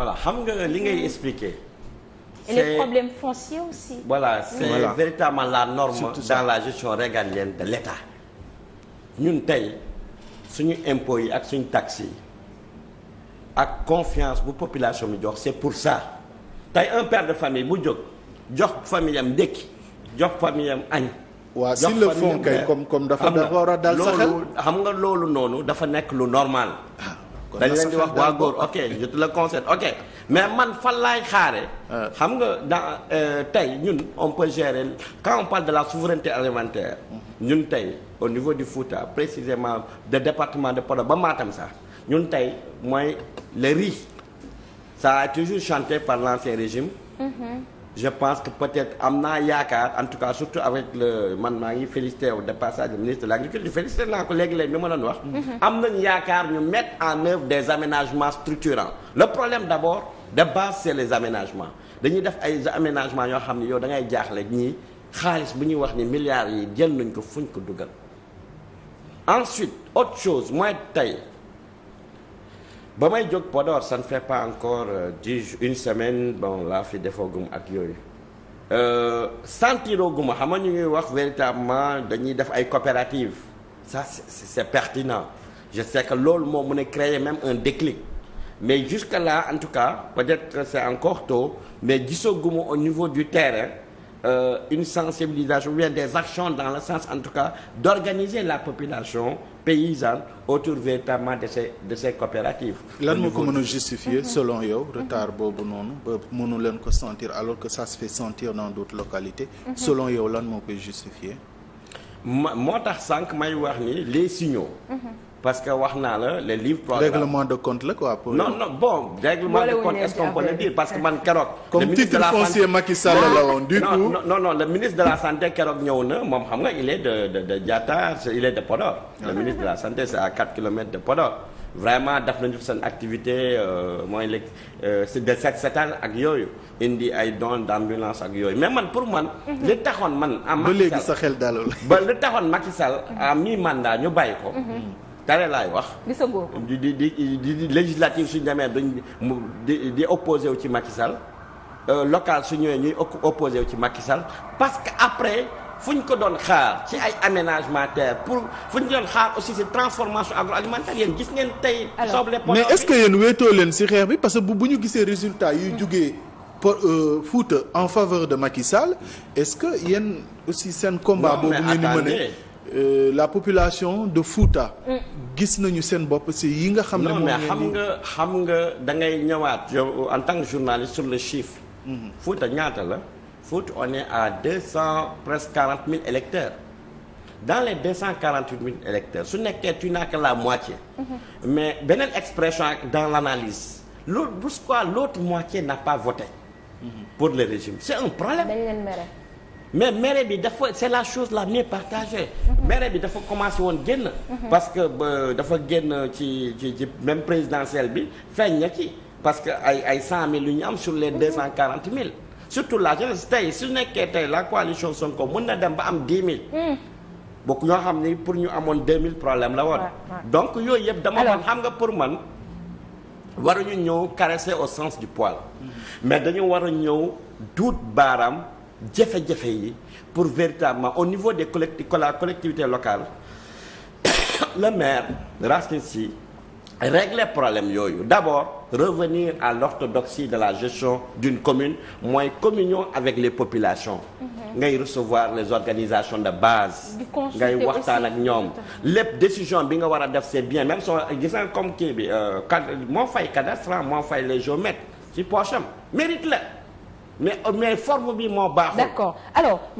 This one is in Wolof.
voilà xam nga li ngay expliquer et les problèmes fonciers aussi. voilà c'est voilà. véritablement la norme. Surtout dans la gestion régalienne de l'État. ñun tey suñu impôts yi ak suñu taxes yi ak confiance bu population bi jox c'est pour ça tey un père de famille bu jóg jox famille am ndékki jox famille am añ. waaw si le fond kay comme comme dafa dafa loolu noonu dafa nekk lu normal. Ah. dañ leen di wax waa góor ok je te le conseille ok mais man fan laay xaare ah. xam nga dans euh, tey ñun on peut gérer quand on parle de la souveraineté alimentaire ñun tey au niveau du Fouta précisément de département de Podor ba Matam sax ñun tey mooy le riz ça a toujours chanté par l'ancien régime mm je pense que peut-être am naa yaakaar en tout cas surtout avec le man maa ngi félicité au dépassage ministre de l'agriculture félicité naa ko léegi léegi bi ma doon wax. Mhm. am nañu yaakaar ñu mettre en œuvre des aménagements structurants le problème d'abord de base les aménagements dañuy def ay aménagements yoo xam ne yow da ngay jaaxle ñii xaalis bu ñuy wax ni milliards yi jël nañ ko fuñ ko dugal ensuite autre chose mooy tey. ba may jóg Podor ça ne fait pas encore euh, di une semaine bon laa fi defoogum ak yooyu euh, sentirooguma xam nga ñu ngi wax véritablement dañuy def ay coopératives sa c'est pertinent je sais que loolu moo mu ne créer même un déclic mais jusque là en tout cas peut-être c'est encore tôt mais gisaguma au niveau du terrain euh, une sensibilisation des actions dans le sens en tout cas d'organiser la population paysanne autour véritablement de ces de ces coopératives. lan moo ko mën a justifier mhm. selon yow mhm. retard boobu noonu ba mënu leen ko sentir alors que ça se fait sentir dans d'autres localités. Mhm. selon yow lan moo koy justifier. ma moo tax sànq may wax ni les signaux. parce que wax naa la les livres programme règlement de compte la quoi. pour non non bon règlement de compte parce que man keroog. comme titre foncier Macky Sall la woon ministre de la santé keroog ñëw na moom xam nga il est de de de Diatta il est de Podor. le ministre de la santé c'est à 4 kilomètres de Podor. vraiment daf nañu seen activité euh, mooy léegi euh, c'est de setal ak yooyu indi ay dons d'ambulance ak yooyu mais man pour man. li taxoon man. am Macky Sall ba sa xel dalul. ba li taxoon Macky Sall à mi mandat ñu bàyyi ko. Mhm. dara laay wax. gisagoo ko di di di di législative suñu demee duñ di di wu ci Macky Sall euh, local su ñëwee ñuy opposé wu ci Macky Sall parce que après. fu ñu ko doon xaar ci ay aménagement terre pour fu ñu doon xaar aussi ci transformation agroalimentaire yéen gis ngeen tey. soble mais est-ce que yéen wéetoo leen ci xeex bi parce que bu bu ñu gisee résultat yuy hmm. jugee pour euh, Fouta en faveur de Macky Sall est-ce que yéen aussi seen combat boobu ngeen di mëne Euh, la population de Fouta. gis nañu seen bopp si yi nga xam ne. non xam nga xam nga da ngay ñëwaat. yow en tant que journaliste sur le chiffre. Mhm. Fouta ñaata la. Fouta on est à deux cent presque quarante mille électeurs. dans les deux cent quarante huit mille électeurs su nekkee tu n'as que la moitié. Mhm. mais beneen expression dans l'analyse l'autre pourquoi l'autre moitié n'a pas voté. Mhm. pour le régime c'est un problème. mais maire bi dafa c'est la chose la mieux partagée. Mhm. maire bi dafa commencé woon génn. Mhm. parce que euh, dafa génn ci ci ci même présidentielle bi feeñ na ci parce que ay ay cent mille yu ñu am sur les mhm. deux cent quarante mille. surtout la jeunesse tey su nekkee tey la coalition Sonko mën na dem ba am dix mille. Mm. bokk ñoo xam ni pour ñu amoon deux mille problème la woon. donc yooyu yëpp dama man xam nga pour man. waruñu ñëw caresser au sens du poil. Mm. mais dañu war a ñëw duut baaraam. jafe-jafe yi pour véritablement au niveau des collecti la collectivité locale le maire Racine Sy régler problème yooyu d'abord revenir à l'orthodoxie de la gestion d'une commune mooy communion avec les populations mhm. ngay mm recevoir les organisations de base ngay waxtaan ak ñoom lépp décision bi nga war a def c'est bien même soo gis nga comme kii bi euh, moo fay cadastre moo fay les géomètres ci poche mérite la mais mais forme bi moo baaxul. D'accord alors.